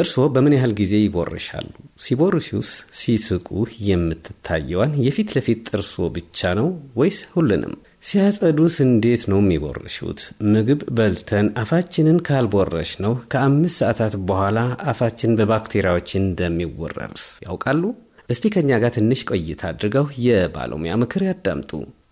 እርስዎ በምን ያህል ጊዜ ይቦርሻሉ? ሲቦርሹስ ሲስቁ የምትታየዋን የፊት ለፊት ጥርስዎ ብቻ ነው ወይስ ሁሉንም? ሲያጸዱስ እንዴት ነው የሚቦርሹት? ምግብ በልተን አፋችንን ካልቦረሽ ነው ከአምስት ሰዓታት በኋላ አፋችን በባክቴሪያዎች እንደሚወረርስ ያውቃሉ? እስቲ ከእኛ ጋር ትንሽ ቆይታ አድርገው የባለሙያ ምክር ያዳምጡ።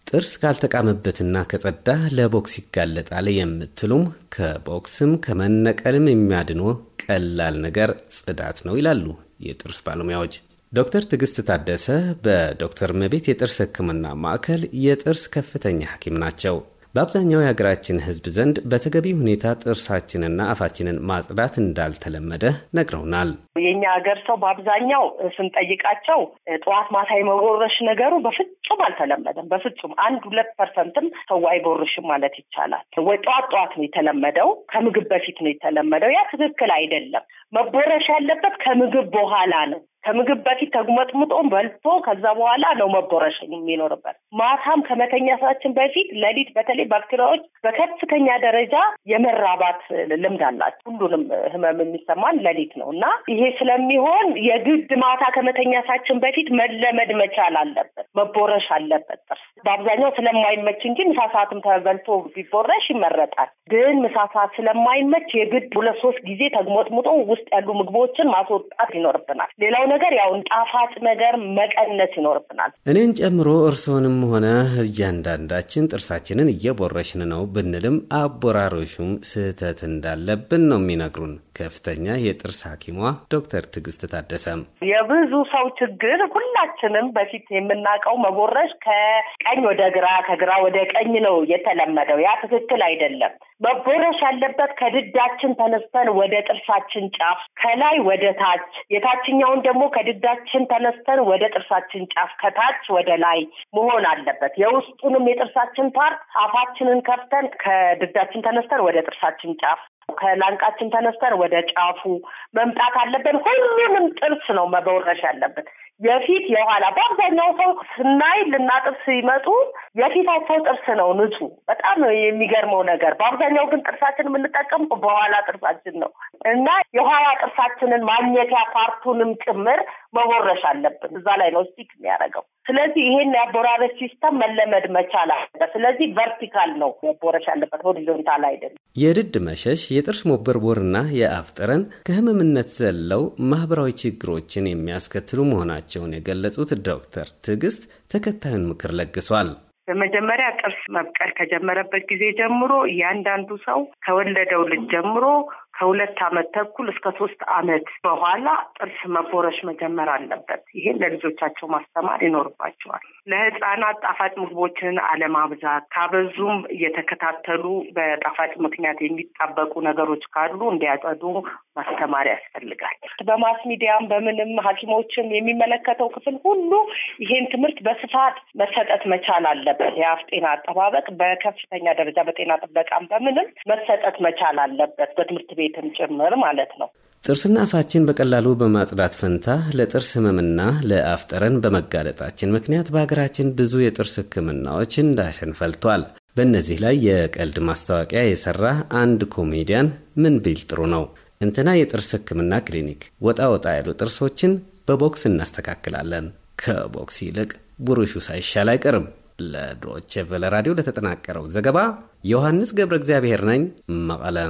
ጥርስ ካልተቃመበትና ከጸዳ ለቦክስ ይጋለጣል የምትሉም ከቦክስም ከመነቀልም የሚያድኖ ቀላል ነገር ጽዳት ነው ይላሉ የጥርስ ባለሙያዎች። ዶክተር ትዕግስት ታደሰ በዶክተር መቤት የጥርስ ሕክምና ማዕከል የጥርስ ከፍተኛ ሐኪም ናቸው። በአብዛኛው የሀገራችን ሕዝብ ዘንድ በተገቢ ሁኔታ ጥርሳችንና አፋችንን ማጽዳት እንዳልተለመደ ነግረውናል። የኛ ሀገር ሰው በአብዛኛው ስንጠይቃቸው ጠዋት ማታ የመቦረሽ ነገሩ በፍጹም አልተለመደም። በፍጹም አንድ ሁለት ፐርሰንትም ሰው አይቦርሽም ማለት ይቻላል። ወይ ጠዋት ጠዋት ነው የተለመደው፣ ከምግብ በፊት ነው የተለመደው። ያ ትክክል አይደለም። መቦረሽ ያለበት ከምግብ በኋላ ነው። ከምግብ በፊት ተጉመጥምጦ በልቶ ከዛ በኋላ ነው መጎረሽ የሚኖርበት። ማታም ከመተኛታችን በፊት ለሊት በተለይ ባክቴሪያዎች በከፍተኛ ደረጃ የመራባት ልምድ አላቸው። ሁሉንም ህመም የሚሰማን ለሊት ነው እና ይሄ ስለሚሆን የግድ ማታ ከመተኛታችን በፊት መለመድ መቻል አለበት፣ መቦረሽ አለበት ጥርስ በአብዛኛው ስለማይመች እንጂ ምሳ ሰዓትም ተበልቶ ቢቦረሽ ይመረጣል። ግን ምሳ ሰዓት ስለማይመች የግድ ሁለት ሶስት ጊዜ ተግሞጥሙጦ ውስጥ ያሉ ምግቦችን ማስወጣት ይኖርብናል። ሌላው ነገር ያው ጣፋጭ ነገር መቀነስ ይኖርብናል። እኔን ጨምሮ እርስዎንም ሆነ እያንዳንዳችን ጥርሳችንን እየቦረሽን ነው ብንልም አቦራሮሹም ስህተት እንዳለብን ነው የሚነግሩን ከፍተኛ የጥርስ ሐኪሟ ዶክተር ትዕግስት ታደሰም የብዙ ሰው ችግር ሁላችንም በፊት የምናውቀው መቦረሽ ከቀ ከቀኝ ወደ ግራ፣ ከግራ ወደ ቀኝ ነው የተለመደው። ያ ትክክል አይደለም። መቦረሽ ያለበት ከድዳችን ተነስተን ወደ ጥርሳችን ጫፍ፣ ከላይ ወደ ታች፣ የታችኛውን ደግሞ ከድዳችን ተነስተን ወደ ጥርሳችን ጫፍ፣ ከታች ወደ ላይ መሆን አለበት። የውስጡንም የጥርሳችን ፓርት አፋችንን ከፍተን ከድዳችን ተነስተን ወደ ጥርሳችን ጫፍ ከላንቃችን ተነስተን ወደ ጫፉ መምጣት አለብን። ሁሉንም ጥርስ ነው መቦረሽ ያለበት። የፊት የኋላ በአብዛኛው ሰው ስናይ ልናጥብ ሲመጡ የፊታቸው ጥርስ ነው ንጹ በጣም ነው የሚገርመው ነገር። በአብዛኛው ግን ጥርሳችን የምንጠቀም በኋላ ጥርሳችን ነው እና የኋላ ጥርሳችንን ማግኘቲያ ፓርቱንም ጭምር መቦረሽ አለብን። እዛ ላይ ነው ስቲክ የሚያደርገው። ስለዚህ ይሄን የአቦራረሽ ሲስተም መለመድ መቻል አለበት። ስለዚህ ቨርቲካል ነው መቦረሽ አለበት፣ ሆሪዞንታል አይደለም። የድድ መሸሽ፣ የጥርስ መቦርቦርና የአፍ ጠረን ከህመምነት ዘለው ማህበራዊ ችግሮችን የሚያስከትሉ መሆናቸውን የገለጹት ዶክተር ትዕግስት ተከታዩን ምክር ለግሷል። በመጀመሪያ ጥርስ መብቀል ከጀመረበት ጊዜ ጀምሮ እያንዳንዱ ሰው ከወለደው ልጅ ጀምሮ ከሁለት አመት ተኩል እስከ ሶስት አመት በኋላ ጥርስ መቦረሽ መጀመር አለበት። ይሄን ለልጆቻቸው ማስተማር ይኖርባቸዋል። ለህፃናት ጣፋጭ ምግቦችን አለማብዛት፣ ካበዙም እየተከታተሉ በጣፋጭ ምክንያት የሚጣበቁ ነገሮች ካሉ እንዲያጠዱ ማስተማር ያስፈልጋል። በማስ ሚዲያም በምንም ሐኪሞችም የሚመለከተው ክፍል ሁሉ ይሄን ትምህርት በስፋት መሰጠት መቻል አለበት። የአፍ ጤና አጠባበቅ በከፍተኛ ደረጃ በጤና ጥበቃም በምንም መሰጠት መቻል አለበት በትምህርት ቤት ቤትም ጭምር ማለት ነው። ጥርስና አፋችን በቀላሉ በማጽዳት ፈንታ ለጥርስ ህመምና ለአፍጠረን በመጋለጣችን ምክንያት በሀገራችን ብዙ የጥርስ ህክምናዎች እንዳሸን ፈልቷል። በእነዚህ ላይ የቀልድ ማስታወቂያ የሰራ አንድ ኮሜዲያን ምን ቢል ጥሩ ነው? እንትና የጥርስ ህክምና ክሊኒክ ወጣ ወጣ ያሉ ጥርሶችን በቦክስ እናስተካክላለን። ከቦክስ ይልቅ ብሩሹ ሳይሻል አይቀርም። ለዶቼ ቬለ ራዲዮ ለተጠናቀረው ዘገባ ዮሐንስ ገብረ እግዚአብሔር ነኝ መቀለ።